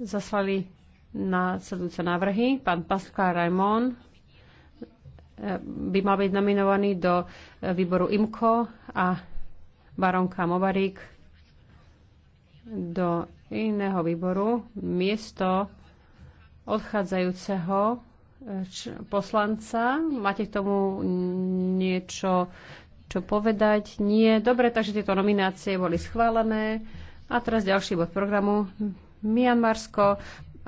zaslali následujúce návrhy. Pán Pascal Raimond eh, by mal byť nominovaný do eh, výboru IMCO a baronka Movarík do iného výboru miesto odchádzajúceho eh, poslanca. Máte k tomu niečo čo povedať? Nie. Dobre, takže tieto nominácie boli schválené. A teraz ďalší bod programu. Mianmarsko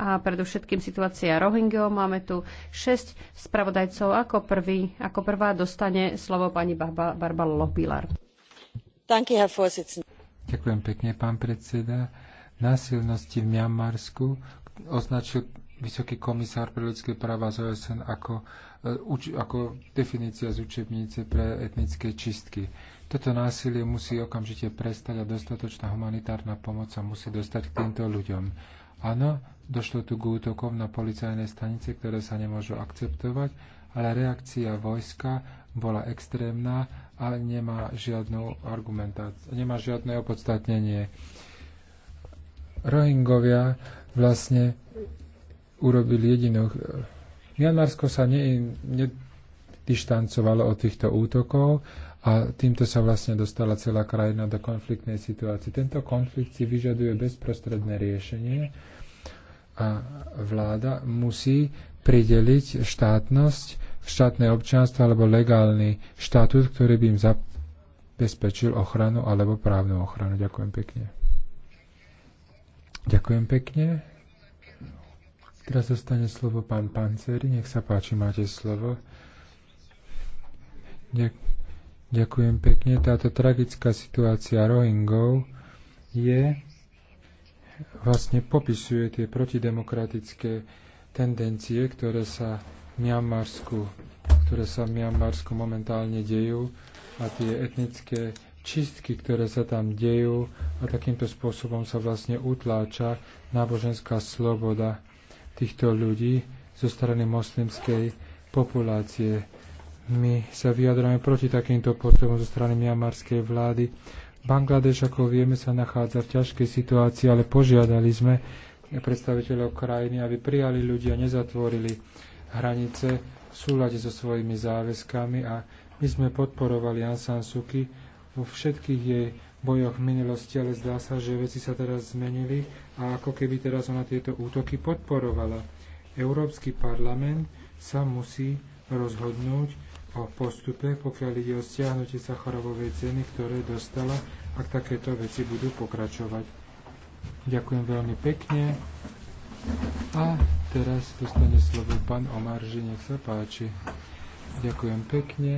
a predovšetkým situácia Rohingyo. Máme tu 6 spravodajcov. Ako, prvý, ako prvá dostane slovo pani Barbara Lopilar. Ďakujem pekne, pán predseda. Násilnosti v Mianmarsku označil vysoký komisár pre ľudské práva z OSN ako, e, ako definícia z učebnice pre etnické čistky. Toto násilie musí okamžite prestať a dostatočná humanitárna pomoc sa musí dostať k týmto ľuďom. Áno, došlo tu k útokom na policajné stanice, ktoré sa nemôžu akceptovať, ale reakcia vojska bola extrémna a nemá žiadnu argumentáciu, nemá žiadne opodstatnenie. Rohingovia vlastne urobili jedinú... Mianmarsko sa ne, nedištancovalo od týchto útokov a týmto sa vlastne dostala celá krajina do konfliktnej situácie. Tento konflikt si vyžaduje bezprostredné riešenie a vláda musí prideliť štátnosť, štátne občianstvo alebo legálny štatút, ktorý by im zabezpečil ochranu alebo právnu ochranu. Ďakujem pekne. Ďakujem pekne. Teraz zostane slovo pán Panceri. Nech sa páči, máte slovo. Ďakujem. Ďakujem pekne. Táto tragická situácia Rohingov je vlastne popisuje tie protidemokratické tendencie, ktoré sa v Mianmarsku, ktoré sa v Mianmarsku momentálne dejú a tie etnické čistky, ktoré sa tam dejú a takýmto spôsobom sa vlastne utláča náboženská sloboda týchto ľudí zo strany moslimskej populácie. My sa vyjadrame proti takýmto postupom zo strany miamarskej vlády. Bangladeš, ako vieme, sa nachádza v ťažkej situácii, ale požiadali sme predstaviteľov krajiny, aby prijali ľudia, nezatvorili hranice v súlade so svojimi záväzkami a my sme podporovali Ansan Suki vo všetkých jej bojoch v minulosti, ale zdá sa, že veci sa teraz zmenili a ako keby teraz ona tieto útoky podporovala. Európsky parlament sa musí rozhodnúť, o postupe, pokiaľ ide o stiahnutie sacharovovej ceny, ktoré dostala, ak takéto veci budú pokračovať. Ďakujem veľmi pekne. A teraz dostane slovo pán Omar, že nech sa páči. Ďakujem pekne.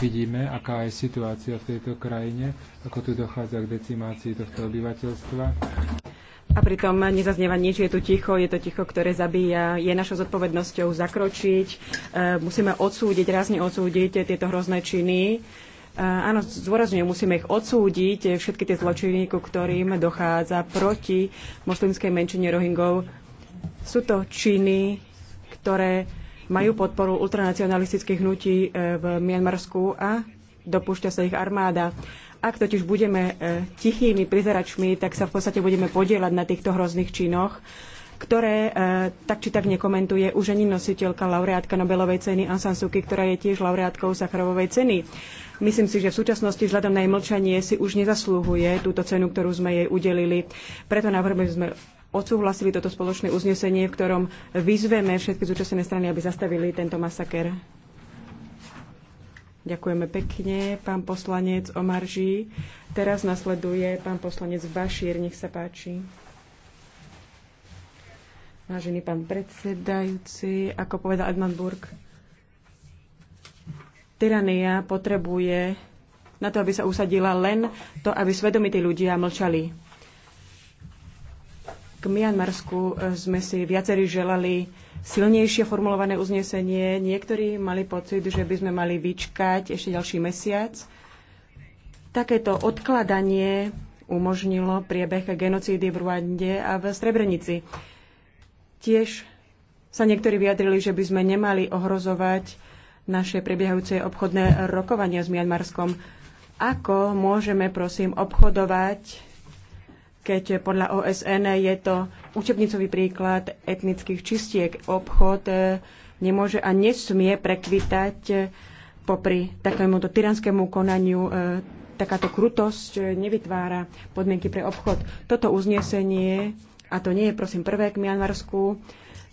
Vidíme, aká je situácia v tejto krajine, ako tu dochádza k decimácii tohto obyvateľstva a pritom nezaznieva nič, je tu ticho, je to ticho, ktoré zabíja. Je našou zodpovednosťou zakročiť, e, musíme odsúdiť, rázne odsúdiť tieto hrozné činy. E, áno, zdôrazňujem, musíme ich odsúdiť, e, všetky tie zločiny, ku ktorým dochádza proti moslimskej menšine Rohingov. Sú to činy, ktoré majú podporu ultranacionalistických hnutí v Mianmarsku a dopúšťa sa ich armáda. Ak totiž budeme e, tichými prizeračmi, tak sa v podstate budeme podielať na týchto hrozných činoch, ktoré e, tak či tak nekomentuje už ani nositeľka laureátka Nobelovej ceny Ansan Suki, ktorá je tiež laureátkou Sacharovej ceny. Myslím si, že v súčasnosti vzhľadom na jej mlčanie si už nezaslúhuje túto cenu, ktorú sme jej udelili. Preto navrhujem, sme odsúhlasili toto spoločné uznesenie, v ktorom vyzveme všetky zúčastnené strany, aby zastavili tento masaker. Ďakujeme pekne, pán poslanec Omarží. Teraz nasleduje pán poslanec Bašír, nech sa páči. Vážený pán predsedajúci, ako povedal Edmund Burke, tyrania potrebuje na to, aby sa usadila len to, aby svedomití ľudia mlčali k Mianmarsku e, sme si viacerí želali silnejšie formulované uznesenie. Niektorí mali pocit, že by sme mali vyčkať ešte ďalší mesiac. Takéto odkladanie umožnilo priebeh genocídy v Ruande a v Srebrenici. Tiež sa niektorí vyjadrili, že by sme nemali ohrozovať naše prebiehajúce obchodné rokovania s Mianmarskom. Ako môžeme, prosím, obchodovať keď podľa OSN je to učebnicový príklad etnických čistiek. Obchod e, nemôže a nesmie prekvitať e, popri takémuto tyranskému konaniu. E, takáto krutosť nevytvára podmienky pre obchod. Toto uznesenie, a to nie je prosím prvé k Mianmarsku,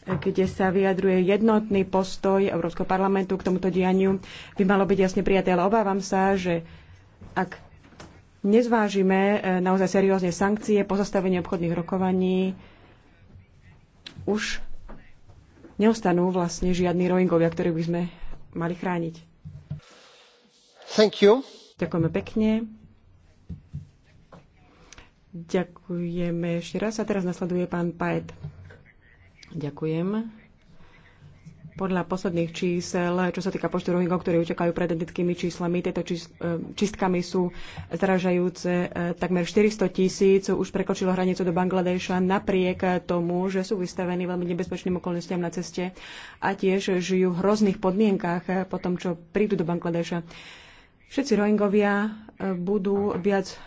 kde sa vyjadruje jednotný postoj Európskeho parlamentu k tomuto dianiu, by malo byť jasne prijaté. Ale obávam sa, že ak nezvážime e, naozaj seriózne sankcie, pozastavenie obchodných rokovaní, už neostanú vlastne žiadni rohingovia, ktorých by sme mali chrániť. Thank you. Ďakujeme pekne. Ďakujeme ešte raz. A teraz nasleduje pán Paet. Ďakujem. Podľa posledných čísel, čo sa týka počtu Rohingov, ktorí utekajú pred etnickými číslami, tieto e, čistkami sú zražajúce. E, takmer 400 tisíc už prekočilo hranicu do Bangladeša napriek tomu, že sú vystavení veľmi nebezpečným okolnostiam na ceste a tiež žijú v hrozných podmienkách po tom, čo prídu do Bangladeša. Všetci Rohingovia eh, budú viac eh,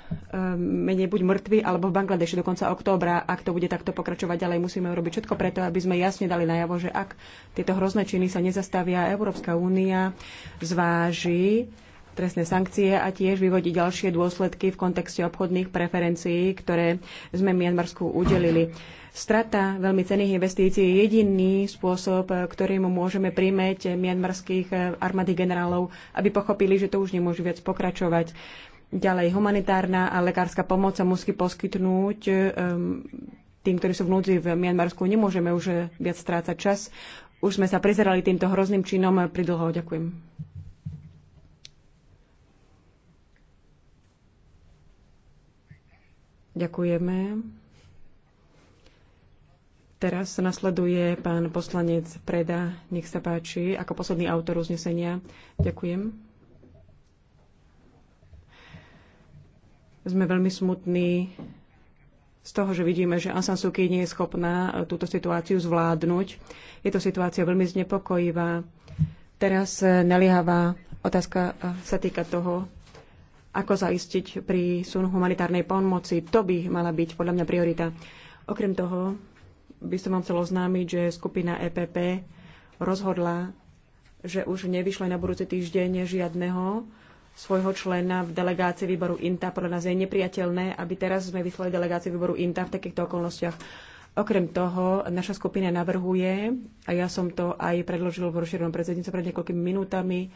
menej buď mŕtvi, alebo v Bangladeši do konca októbra. Ak to bude takto pokračovať ďalej, musíme urobiť všetko preto, aby sme jasne dali najavo, že ak tieto hrozné činy sa nezastavia, Európska únia zváži trestné sankcie a tiež vyvodiť ďalšie dôsledky v kontexte obchodných preferencií, ktoré sme Mianmarsku udelili. Strata veľmi cených investícií je jediný spôsob, ktorým môžeme príjmeť mianmarských eh, armády generálov, aby pochopili, že to už nemôžu viac pokračovať. Ďalej, humanitárna a lekárska pomoc sa musí poskytnúť ehm, tým, ktorí sú vnúci v Mianmarsku. Nemôžeme už eh, viac strácať čas. Už sme sa prezerali týmto hrozným činom eh, pridlho. Ďakujem. Ďakujeme. Teraz nasleduje pán poslanec Preda. Nech sa páči, ako posledný autor uznesenia. Ďakujem. Sme veľmi smutní z toho, že vidíme, že Aung San Suu Kyi nie je schopná e, túto situáciu zvládnuť. Je to situácia veľmi znepokojivá. Teraz e, naliehavá otázka e, sa týka toho, ako zaistiť prísun humanitárnej pomoci. To by mala byť podľa mňa priorita. Okrem toho by som vám chcel oznámiť, že skupina EPP rozhodla, že už nevyšle na budúci týždeň žiadneho svojho člena v delegácii výboru INTA. Podľa nás je nepriateľné, aby teraz sme vyslali delegáciu výboru INTA v takýchto okolnostiach. Okrem toho, naša skupina navrhuje, a ja som to aj predložil v rozšírenom predsednice pred niekoľkými minútami,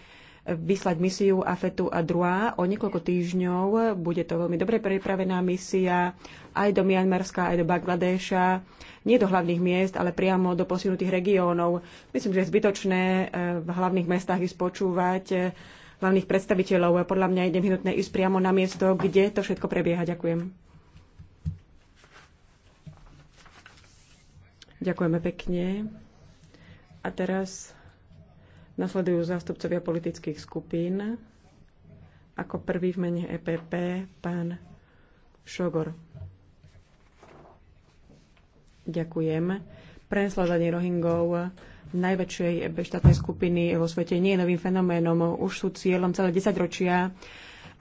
vyslať misiu AFETu a Druá. o niekoľko týždňov. Bude to veľmi dobre pripravená misia aj do Mianmarska, aj do Bangladeša. Nie do hlavných miest, ale priamo do posunutých regiónov. Myslím, že je zbytočné eh, v hlavných mestách ísť počúvať eh, hlavných predstaviteľov. Podľa mňa je nevyhnutné ísť priamo na miesto, kde to všetko prebieha. Ďakujem. Ďakujeme pekne. A teraz Nasledujú zástupcovia politických skupín. Ako prvý v mene EPP pán Šogor. Ďakujem. Prenasledanie Rohingov najväčšej e, štátnej skupiny vo svete nie je novým fenoménom. Už sú cieľom celé desaťročia ročia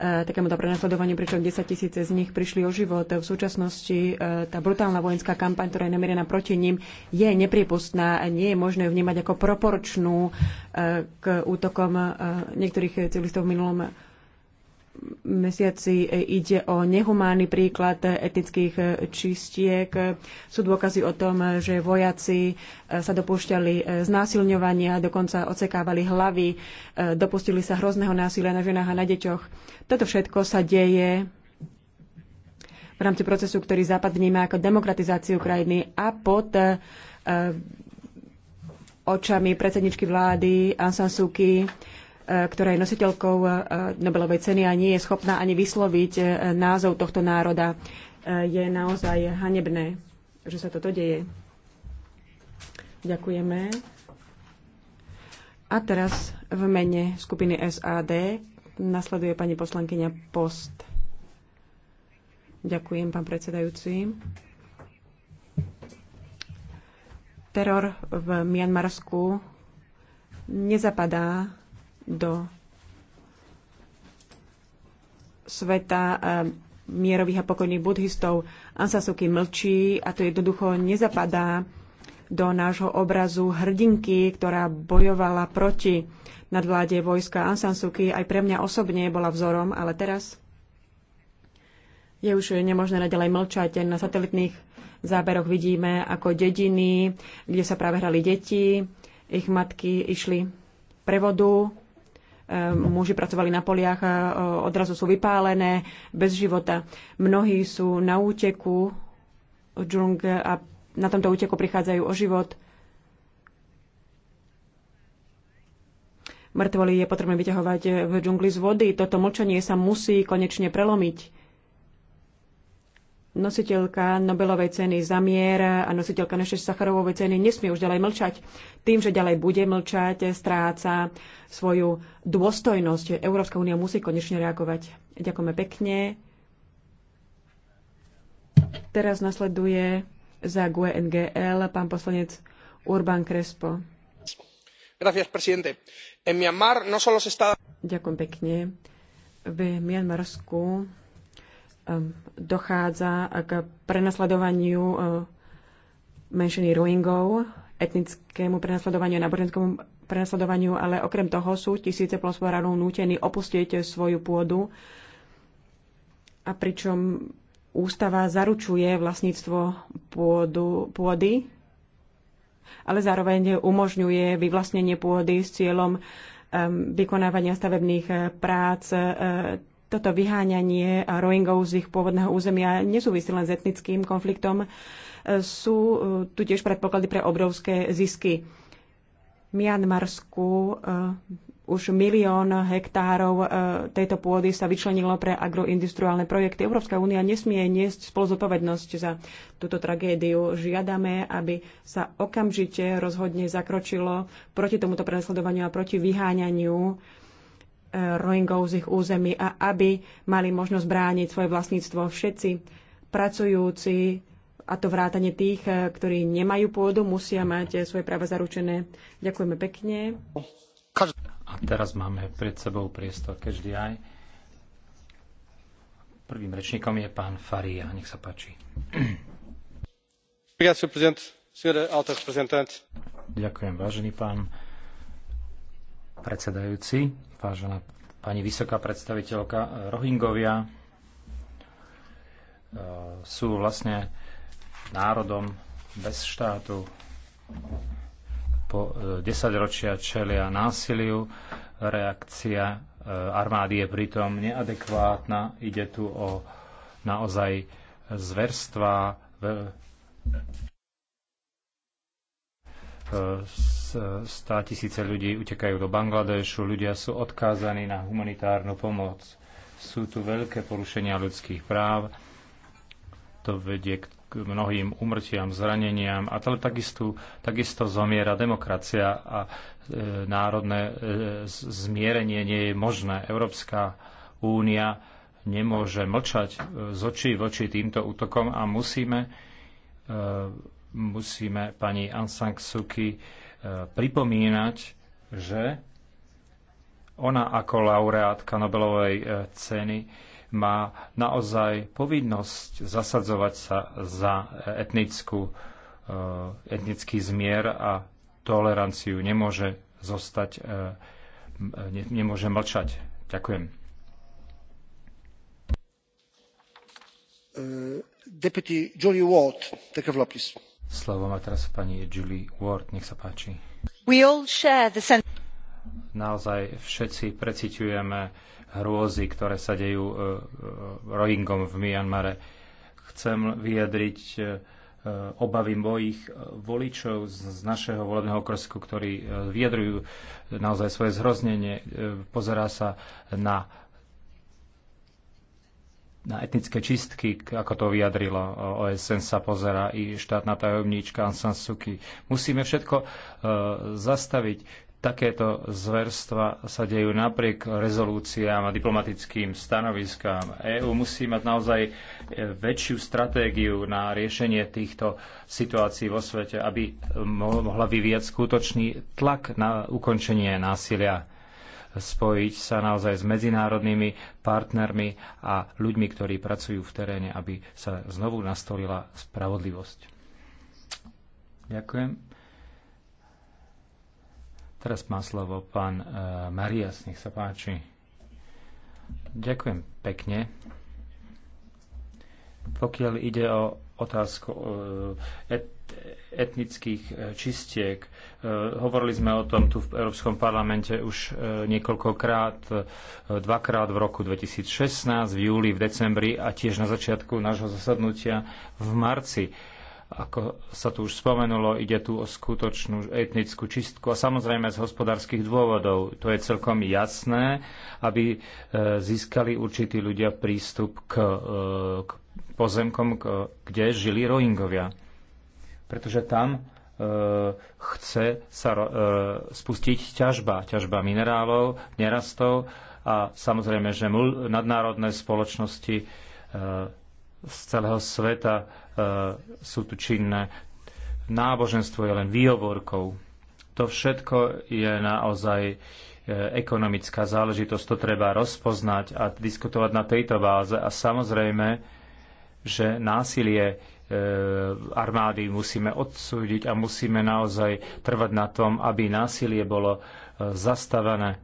E, takémuto prenasledovaniu, pričom 10 tisíce z nich prišli o život. V súčasnosti e, tá brutálna vojenská kampaň, ktorá je namierená proti ním, je nepriepustná a nie je možné vnímať ako proporčnú e, k útokom niektorých civilistov v minulom mesiaci ide o nehumánny príklad etnických čistiek. Sú dôkazy o tom, že vojaci e, sa dopúšťali e, znásilňovania, dokonca ocekávali hlavy, e, dopustili sa hrozného násilia na ženách a na deťoch. Toto všetko sa deje v rámci procesu, ktorý Západ vníma ako demokratizáciu krajiny a pod očami predsedničky vlády Ansan Suu Kyi ktorá je nositeľkou e, Nobelovej ceny a nie je schopná ani vysloviť e, názov tohto národa, e, je naozaj hanebné, že sa toto deje. Ďakujeme. A teraz v mene skupiny SAD nasleduje pani poslankyňa Post. Ďakujem, pán predsedajúci. Teror v Mianmarsku nezapadá do sveta eh, mierových a pokojných buddhistov. Ansasuki mlčí a to jednoducho nezapadá do nášho obrazu hrdinky, ktorá bojovala proti nadvláde vojska Ansan Aj pre mňa osobne bola vzorom, ale teraz je už nemožné naďalej mlčať. Na satelitných záberoch vidíme, ako dediny, kde sa práve hrali deti, ich matky išli pre vodu, Ehm, muži pracovali na poliach, e, odrazu sú vypálené, bez života. Mnohí sú na úteku džung a na tomto úteku prichádzajú o život. Mŕtvoly je potrebné vyťahovať v džungli z vody. Toto mlčanie sa musí konečne prelomiť nositeľka Nobelovej ceny za mier a nositeľka našej Sacharovovej ceny nesmie už ďalej mlčať. Tým, že ďalej bude mlčať, stráca svoju dôstojnosť. Európska únia musí konečne reagovať. Ďakujeme pekne. Teraz nasleduje za GUE NGL pán poslanec Urban Crespo. Gracias, presidente. En Myanmar no solo se está... Ďakujem pekne. V Mianmarsku dochádza k prenasledovaniu e, menšiny Rohingov, etnickému prenasledovaniu a náboženskému prenasledovaniu, ale okrem toho sú tisíce plosvoranov nútení opustiť svoju pôdu, a pričom ústava zaručuje vlastníctvo pôdu, pôdy, ale zároveň umožňuje vyvlastnenie pôdy s cieľom um, vykonávania stavebných prác, uh, toto vyháňanie Rohingov z ich pôvodného územia nesúvisí len s etnickým konfliktom. Sú eh, tu tiež predpoklady pre obrovské zisky. Mianmarsku eh, už milión hektárov eh, tejto pôdy sa vyčlenilo pre agroindustriálne projekty. Európska únia nesmie niesť spoluzodpovednosť za túto tragédiu. Žiadame, aby sa okamžite rozhodne zakročilo proti tomuto prenasledovaniu a proti vyháňaniu Rohingov z ich území a aby mali možnosť brániť svoje vlastníctvo všetci pracujúci, a to vrátane tých, eh, ktorí nemajú pôdu, musia mať eh, svoje práva zaručené. Ďakujeme pekne. A teraz máme pred sebou priestor každý aj. Prvým rečníkom je pán Faria. Nech sa páči. Ďakujem, vážený pán predsedajúci vážená pani vysoká predstaviteľka. Rohingovia e, sú vlastne národom bez štátu. Po e, desaťročia čelia násiliu, reakcia e, armády je pritom neadekvátna. Ide tu o naozaj zverstva 100 tisíce ľudí utekajú do Bangladešu, ľudia sú odkázaní na humanitárnu pomoc. Sú tu veľké porušenia ľudských práv, to vedie k mnohým umrtiam, zraneniam a to takisto, takisto zomiera demokracia a e, národné e, zmierenie nie je možné. Európska únia nemôže mlčať e, z očí v oči týmto útokom a musíme e, musíme pani Aung San Suu Kyi e, pripomínať, že ona ako laureátka Nobelovej e, ceny má naozaj povinnosť zasadzovať sa za etnickú, e, etnický zmier a toleranciu. Nemôže zostať, nemôže mlčať. Ďakujem. Deputy Julie Ward, take a floor, please. Slovo má teraz pani Julie Ward, nech sa páči. We all share the Naozaj všetci preciťujeme hrôzy, ktoré sa dejú e, e, Rohingom v Myanmare. Chcem vyjadriť e, obavy mojich voličov z našeho volebného okresku, ktorí vyjadrujú naozaj svoje zhroznenie. Pozerá sa na na etnické čistky, ako to vyjadrilo e, OSN, sa pozera i štátna tajomníčka Ansan Suki. Musíme všetko e, zastaviť. Takéto zverstva sa dejú napriek rezolúciám a diplomatickým stanoviskám. EÚ musí mať naozaj e, väčšiu stratégiu na riešenie týchto situácií vo svete, aby mohla vyvíjať skutočný tlak na ukončenie násilia spojiť sa naozaj s medzinárodnými partnermi a ľuďmi, ktorí pracujú v teréne, aby sa znovu nastolila spravodlivosť. Ďakujem. Teraz má slovo pán e, Marias, nech sa páči. Ďakujem pekne. Pokiaľ ide o otázku e, etnických e, čistiek. E, hovorili sme o tom tu v Európskom parlamente už e, niekoľkokrát, dvakrát v roku 2016, v júli, v decembri a tiež na začiatku nášho zasadnutia v marci. Ako sa tu už spomenulo, ide tu o skutočnú etnickú čistku a samozrejme z hospodárskych dôvodov. To je celkom jasné, aby získali určití ľudia prístup k, k pozemkom, kde žili Rohingovia pretože tam e, chce sa e, spustiť ťažba, ťažba minerálov, nerastov a samozrejme, že mul, nadnárodné spoločnosti e, z celého sveta e, sú tu činné. Náboženstvo je len výhovorkou. To všetko je naozaj e, ekonomická záležitosť, to treba rozpoznať a diskutovať na tejto báze. A samozrejme, že násilie E, armády musíme odsúdiť a musíme naozaj trvať na tom, aby násilie bolo e, zastavené.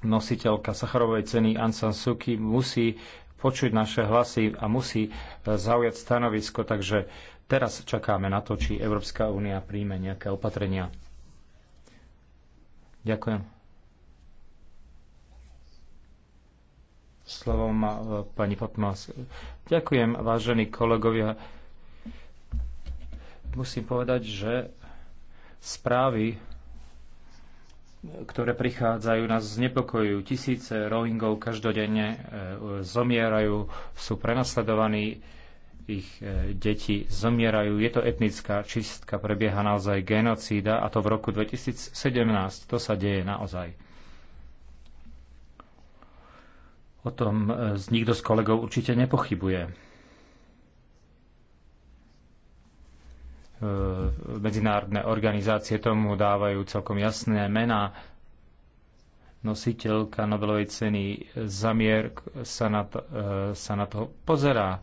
Nositeľka Sacharovej ceny Ansan Suki musí počuť naše hlasy a musí e, zaujať stanovisko, takže teraz čakáme na to, či Európska únia príjme nejaké opatrenia. Ďakujem. Slovo má e, pani Popmas. Ďakujem, vážení kolegovia. Musím povedať, že správy, ktoré prichádzajú, nás znepokojujú. Tisíce Rohingov každodenne e, zomierajú, sú prenasledovaní, ich e, deti zomierajú. Je to etnická čistka, prebieha naozaj genocída a to v roku 2017. To sa deje naozaj. O tom e, nikto z kolegov určite nepochybuje. E, medzinárodné organizácie tomu dávajú celkom jasné mená. Nositeľka Nobelovej ceny Zamier sa na to, e, sa na to pozerá.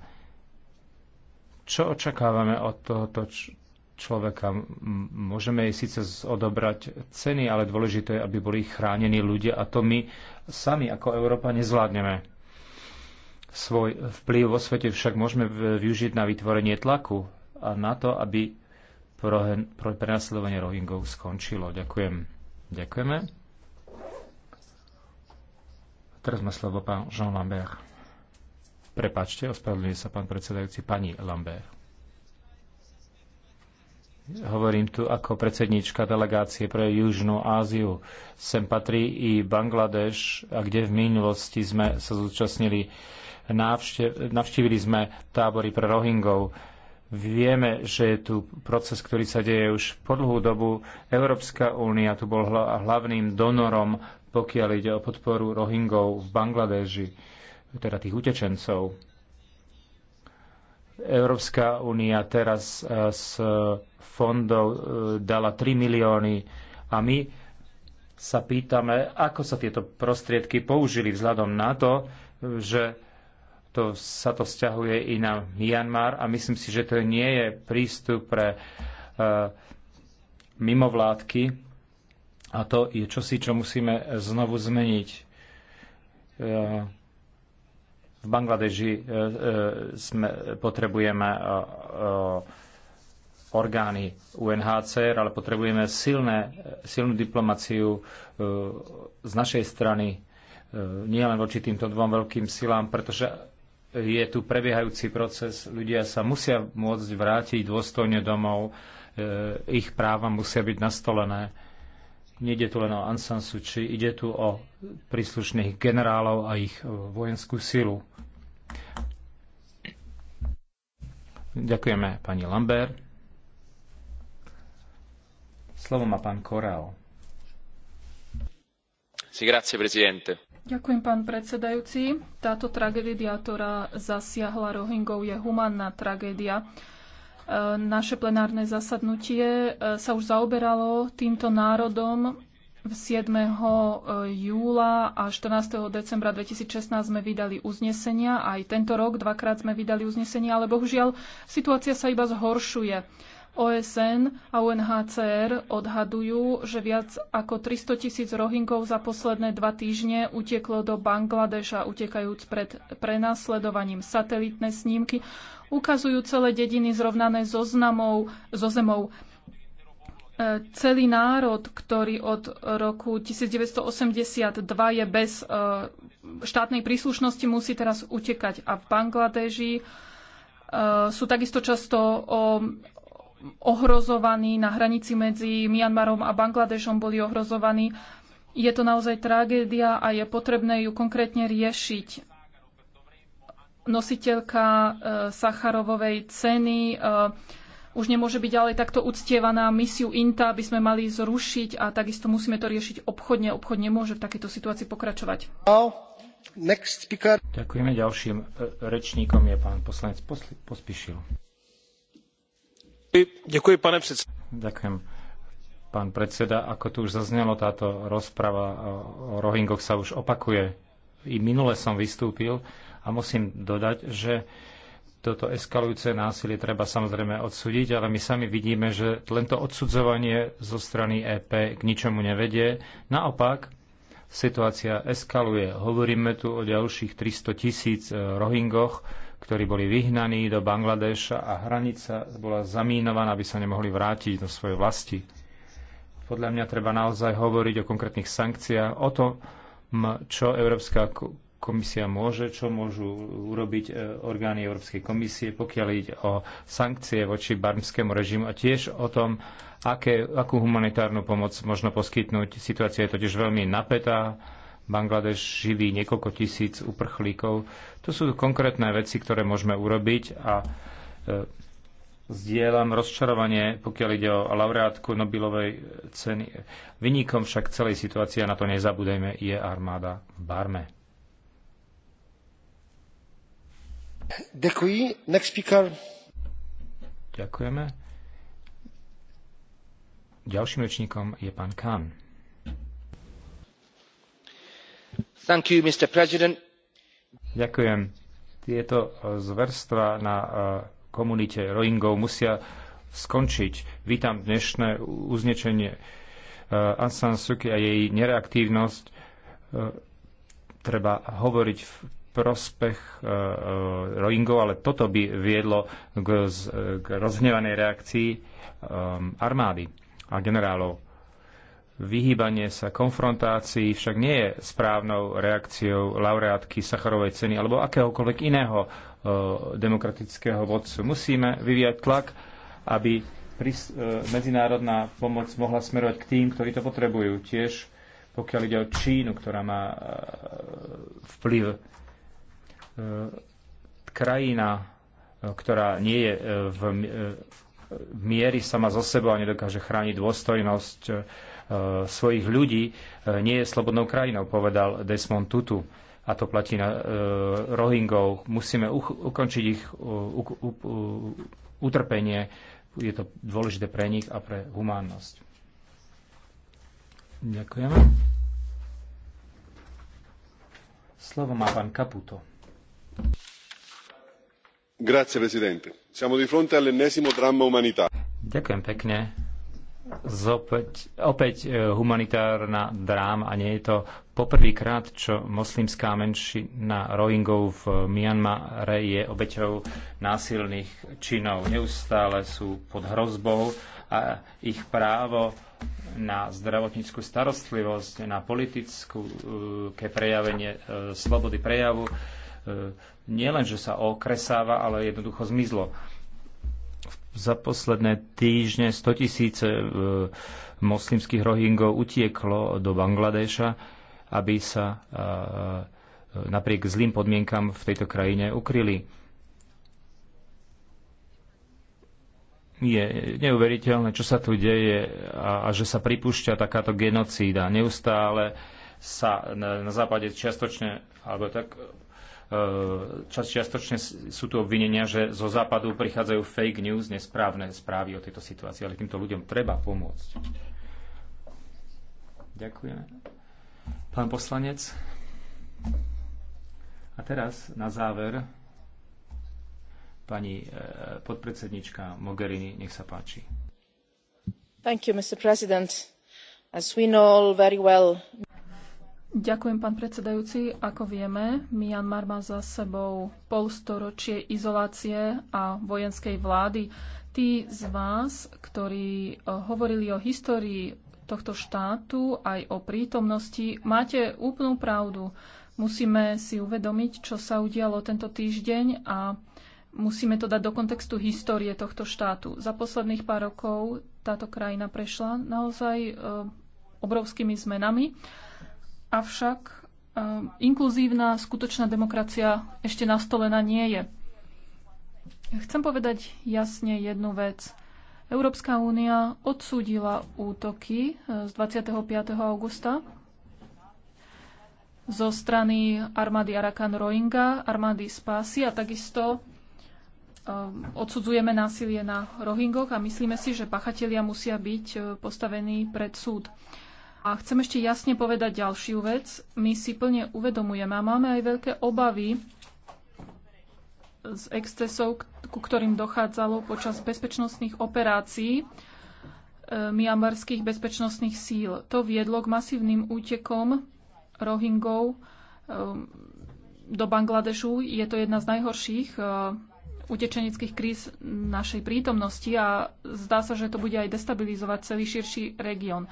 Čo očakávame od tohoto človeka. Môžeme jej síce odobrať ceny, ale dôležité je, aby boli chránení ľudia a to my sami ako Európa nezvládneme. Svoj vplyv vo svete však môžeme využiť na vytvorenie tlaku a na to, aby prenasledovanie Rohingov skončilo. Ďakujem. Ďakujeme. Teraz má slovo pán Jean Lambert. Prepačte, ospravedlňuje sa pán predsedajúci, pani Lambert. Hovorím tu ako predsednička delegácie pre Južnú Áziu. Sem patrí i Bangladeš, a kde v minulosti sme sa zúčastnili navštívili sme tábory pre Rohingov. Vieme, že je tu proces, ktorý sa deje už po dlhú dobu. Európska únia tu bol hlavným donorom, pokiaľ ide o podporu Rohingov v Bangladeži, teda tých utečencov Európska únia teraz z e, fondov e, dala 3 milióny a my sa pýtame, ako sa tieto prostriedky použili vzhľadom na to, že to, sa to vzťahuje i na Myanmar a myslím si, že to nie je prístup pre uh, mimovládky a to je čosi, čo musíme znovu zmeniť. Uh, v Bangladeži e, e, sme, potrebujeme e, orgány UNHCR, ale potrebujeme silné, silnú diplomáciu z našej strany, nielen voči týmto dvom veľkým silám, pretože je tu prebiehajúci proces, ľudia sa musia môcť vrátiť dôstojne domov, ich práva musia byť nastolené Nede tu len o Ansan Suči, ide tu o príslušných generálov a ich e, vojenskú silu. Ďakujeme pani Lambert. Slovo má pán koreo. Si grazie, prezidente. Ďakujem, pán predsedajúci. Táto tragédia, ktorá zasiahla Rohingov, je humanná tragédia naše plenárne zasadnutie e, sa už zaoberalo týmto národom 7. E, júla a 14. decembra 2016 sme vydali uznesenia. Aj tento rok dvakrát sme vydali uznesenia, ale bohužiaľ situácia sa iba zhoršuje. OSN a UNHCR odhadujú, že viac ako 300 tisíc rohingov za posledné dva týždne utieklo do Bangladeša, utekajúc pred prenasledovaním. Satelitné snímky ukazujú celé dediny zrovnané so, znamou, so zemou. E, celý národ, ktorý od roku 1982 je bez e, štátnej príslušnosti, musí teraz utekať. A v Bangladeži e, sú takisto často ohrozovaní na hranici medzi Mianmarom a Bangladešom, boli ohrozovaní. Je to naozaj tragédia a je potrebné ju konkrétne riešiť nositeľka e, Sacharovovej ceny e, už nemôže byť ďalej takto uctievaná. Misiu INTA by sme mali zrušiť a takisto musíme to riešiť obchodne. Obchod nemôže v takejto situácii pokračovať. Ďakujeme. Ďalším e, rečníkom je pán poslanec Pospišil. Ďakujem, pane predseda. Ďakujem, pán predseda. Ako tu už zaznelo, táto rozprava o Rohingoch sa už opakuje. I minule som vystúpil a musím dodať, že toto eskalujúce násilie treba samozrejme odsúdiť, ale my sami vidíme, že len to odsudzovanie zo strany EP k ničomu nevedie. Naopak, situácia eskaluje. Hovoríme tu o ďalších 300 tisíc e, rohingoch, ktorí boli vyhnaní do Bangladeša a hranica bola zamínovaná, aby sa nemohli vrátiť do svojej vlasti. Podľa mňa treba naozaj hovoriť o konkrétnych sankciách, o tom, čo Európska komisia môže, čo môžu urobiť e, orgány Európskej komisie, pokiaľ ide o sankcie voči barmskému režimu a tiež o tom, aké, akú humanitárnu pomoc možno poskytnúť. Situácia je totiž veľmi napätá. Bangladeš živí niekoľko tisíc uprchlíkov. To sú konkrétne veci, ktoré môžeme urobiť a e, zdieľam rozčarovanie, pokiaľ ide o laureátku Nobelovej ceny. Vynikom však celej situácie, a na to nezabudejme, je armáda v Barme. Ďakujeme. Ďalším rečníkom je pán Khan. You, Ďakujem. Tieto e, zverstva na e, komunite Rohingov musia skončiť. Vítam dnešné uznečenie e, Aung San Suu Kyi a jej nereaktívnosť. Treba hovoriť v prospech e, e, Rohingov, ale toto by viedlo k, z, k rozhnevanej reakcii e, armády a generálov. Vyhýbanie sa konfrontácií však nie je správnou reakciou laureátky Sacharovej ceny alebo akéhokoľvek iného e, demokratického vodcu. Musíme vyvíjať tlak, aby pris, e, medzinárodná pomoc mohla smerovať k tým, ktorí to potrebujú. Tiež pokiaľ ide o Čínu, ktorá má e, vplyv E, krajina, e, ktorá nie je e, v, v miery sama zo sebou a nedokáže chrániť dôstojnosť svojich ľudí, nie je slobodnou krajinou, povedal Desmond Tutu. A to platí na e, Rohingov. Musíme uch, ukončiť ich u, u, u, utrpenie. Je to dôležité pre nich a pre humánnosť. Ďakujem. Slovo má pán Kaputo. Ďakujem pekne. umanitario. opäť eh, humanitárna dráma a nie je to poprvýkrát, čo moslimská menšina Rohingov v Mianmare je obeťou násilných činov. Neustále sú pod hrozbou a ich právo na zdravotníckú starostlivosť, na politické eh, prejavenie eh, slobody prejavu E, nielen, že sa okresáva, ale jednoducho zmizlo. Za posledné týždne 100 tisíce moslimských rohingov utieklo do Bangladeša, aby sa e, e, napriek zlým podmienkam v tejto krajine ukryli. je neuveriteľné, čo sa tu deje a, a že sa pripúšťa takáto genocída. Neustále sa na, na západe čiastočne, alebo tak Eh, čas čiastočne sú tu obvinenia, že zo západu prichádzajú fake news, nesprávne správy o tejto situácii, ale týmto ľuďom treba pomôcť. Ďakujeme. Pán poslanec. A teraz na záver pani eh, podpredsednička Mogherini, nech sa páči. Thank you, Mr. President. As we know all very well, Ďakujem, pán predsedajúci. Ako vieme, Myanmar má za sebou polstoročie izolácie a vojenskej vlády. Tí z vás, ktorí eh, hovorili o histórii tohto štátu aj o prítomnosti, máte úplnú pravdu. Musíme si uvedomiť, čo sa udialo tento týždeň a musíme to dať do kontextu histórie tohto štátu. Za posledných pár rokov táto krajina prešla naozaj eh, obrovskými zmenami Avšak ehm, inkluzívna skutočná demokracia ešte nastolená nie je. Chcem povedať jasne jednu vec. Európska únia odsúdila útoky eh, z 25. augusta zo strany armády Arakan Rohingya, armády Spásy a takisto ehm, odsudzujeme násilie na Rohingoch a myslíme si, že pachatelia musia byť eh, postavení pred súd. A chcem ešte jasne povedať ďalšiu vec. My si plne uvedomujeme a máme aj veľké obavy z excesov, ku ktorým dochádzalo počas bezpečnostných operácií e, miamarských bezpečnostných síl. To viedlo k masívnym útekom Rohingov e, do Bangladešu. Je to jedna z najhorších e, utečeneckých kríz našej prítomnosti a zdá sa, že to bude aj destabilizovať celý širší región.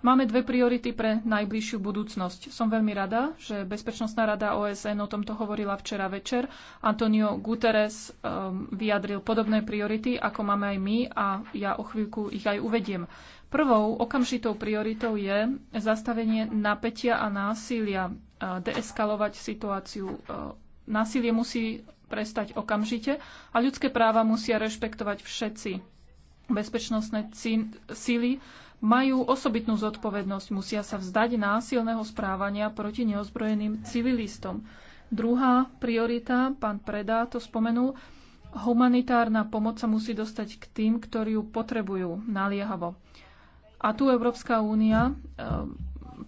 Máme dve priority pre najbližšiu budúcnosť. Som veľmi rada, že Bezpečnostná rada OSN o tomto hovorila včera večer. Antonio Guterres um, vyjadril podobné priority, ako máme aj my a ja o chvíľku ich aj uvediem. Prvou okamžitou prioritou je zastavenie napätia a násilia, deeskalovať situáciu. E, násilie musí prestať okamžite a ľudské práva musia rešpektovať všetci. Bezpečnostné síly majú osobitnú zodpovednosť. Musia sa vzdať násilného správania proti neozbrojeným civilistom. Druhá priorita, pán Preda to spomenul, humanitárna pomoc sa musí dostať k tým, ktorí ju potrebujú naliehavo. A tu Európska únia e,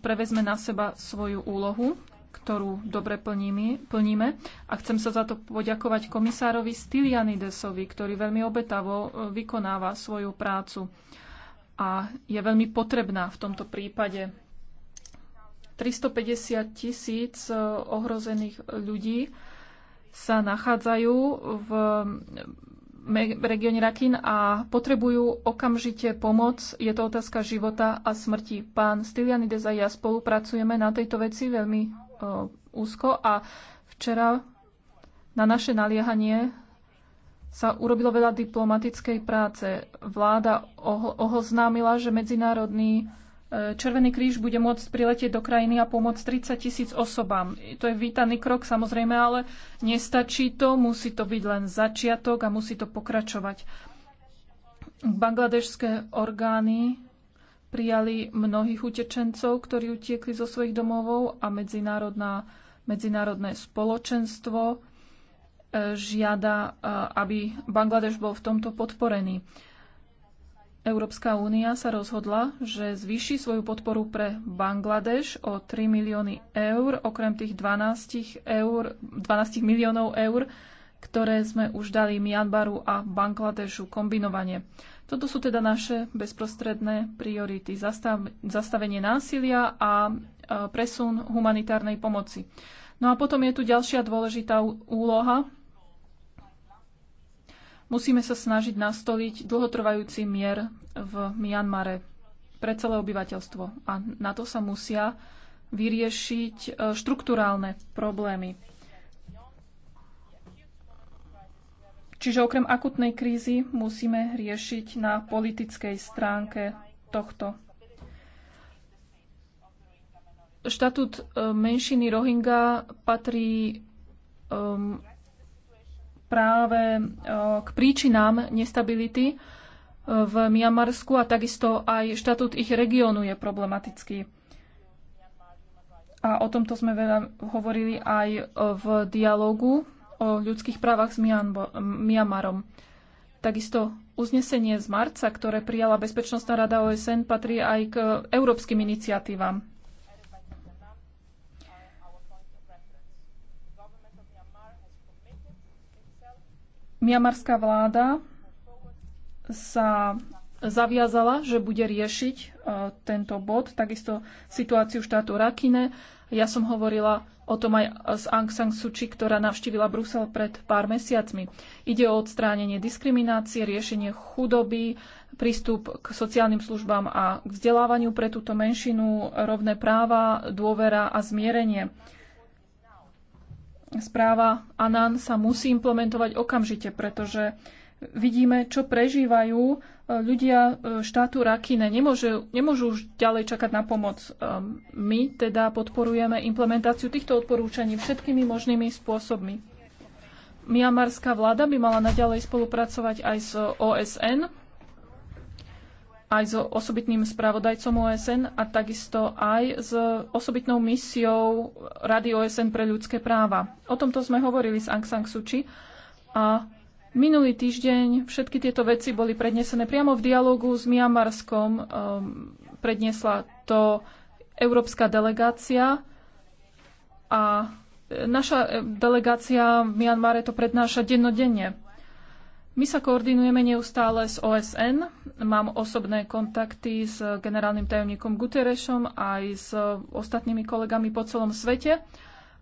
prevezme na seba svoju úlohu, ktorú dobre plníme, plníme. A chcem sa za to poďakovať komisárovi Stylianidesovi, ktorý veľmi obetavo e, vykonáva svoju prácu a je veľmi potrebná v tomto prípade. 350 tisíc e, ohrozených ľudí sa nachádzajú v regióne Rakin a potrebujú okamžite pomoc. Je to otázka života a smrti. Pán Stylianides a ja spolupracujeme na tejto veci veľmi e, úzko a včera na naše naliehanie sa urobilo veľa diplomatickej práce. Vláda ohoznámila, že Medzinárodný e, Červený kríž bude môcť priletieť do krajiny a pomôcť 30 tisíc osobám. To je vítaný krok samozrejme, ale nestačí to, musí to byť len začiatok a musí to pokračovať. Bangladešské orgány prijali mnohých utečencov, ktorí utiekli zo svojich domovov a medzinárodné spoločenstvo žiada, e, aby Bangladeš bol v tomto podporený. Európska únia sa rozhodla, že zvýši svoju podporu pre Bangladeš o 3 milióny eur, okrem tých 12, eur, 12 miliónov eur, ktoré sme už dali Mianbaru a Bangladešu kombinovanie. Toto sú teda naše bezprostredné priority. Zastav, zastavenie násilia a e, presun humanitárnej pomoci. No a potom je tu ďalšia dôležitá úloha Musíme sa snažiť nastoliť dlhotrvajúci mier v Mianmare pre celé obyvateľstvo. A na to sa musia vyriešiť e, štruktúrálne problémy. Čiže okrem akutnej krízy musíme riešiť na politickej stránke tohto. Štatút e, menšiny Rohingya patrí um, práve e, k príčinám nestability e, v Miamarsku a takisto aj štatút ich regiónu je problematický. A o tomto sme veľa hovorili aj e, v dialogu o ľudských právach s Myanmarom. Takisto uznesenie z marca, ktoré prijala Bezpečnostná rada OSN, patrí aj k európskym iniciatívam. Miamarská vláda sa zaviazala, že bude riešiť e, tento bod, takisto situáciu štátu Rakine. Ja som hovorila o tom aj s Aung San Suu Kyi, ktorá navštívila Brusel pred pár mesiacmi. Ide o odstránenie diskriminácie, riešenie chudoby, prístup k sociálnym službám a k vzdelávaniu pre túto menšinu, rovné práva, dôvera a zmierenie správa Anan sa musí implementovať okamžite, pretože vidíme, čo prežívajú e, ľudia e, štátu Rakine. Nemôžu, nemôžu už ďalej čakať na pomoc. E, my teda podporujeme implementáciu týchto odporúčaní všetkými možnými spôsobmi. Miamarská vláda by mala naďalej spolupracovať aj s OSN aj s osobitným spravodajcom OSN a takisto aj s osobitnou misiou Rady OSN pre ľudské práva. O tomto sme hovorili s Aung San Suu Kyi a minulý týždeň všetky tieto veci boli prednesené priamo v dialogu s Myanmarskom Um, ehm, predniesla to európska delegácia a e, naša e, delegácia v Mianmare to prednáša dennodenne. My sa koordinujeme neustále s OSN. Mám osobné kontakty s generálnym tajomníkom Guterešom aj s ostatnými kolegami po celom svete.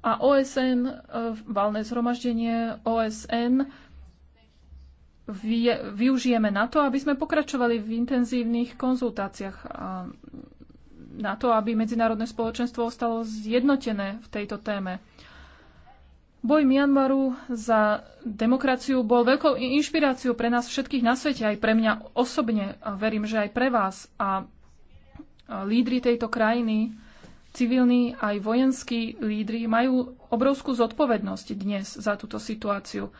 A OSN, e, valné zhromaždenie OSN, využijeme na to, aby sme pokračovali v intenzívnych konzultáciách a na to, aby medzinárodné spoločenstvo ostalo zjednotené v tejto téme. Boj Mianmaru za demokraciu bol veľkou inšpiráciou pre nás všetkých na svete, aj pre mňa osobne a verím, že aj pre vás. A lídry tejto krajiny, civilní aj vojenskí lídry, majú obrovskú zodpovednosť dnes za túto situáciu.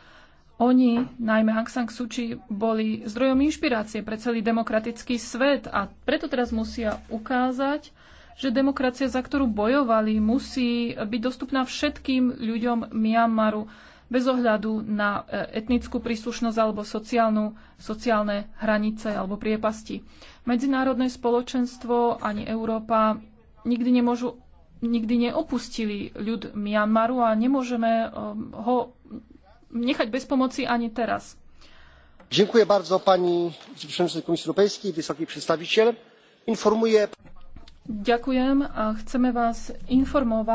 Oni, najmä Aung San Suu Kyi, boli zdrojom inšpirácie pre celý demokratický svet a preto teraz musia ukázať, že demokracia, za ktorú bojovali, musí byť dostupná všetkým ľuďom Myanmaru bez ohľadu na e, etnickú príslušnosť alebo sociálnu, sociálne hranice alebo priepasti. Medzinárodné spoločenstvo ani Európa nikdy, nemôžu, nikdy neopustili ľud Myanmaru a nemôžeme e, ho nechať bez pomoci ani teraz. Ďakujem bardzo pani przewodniczącej Komisji Europejskiej, wysokiej przedstawiciel. Ďakujem a chceme vás informovať,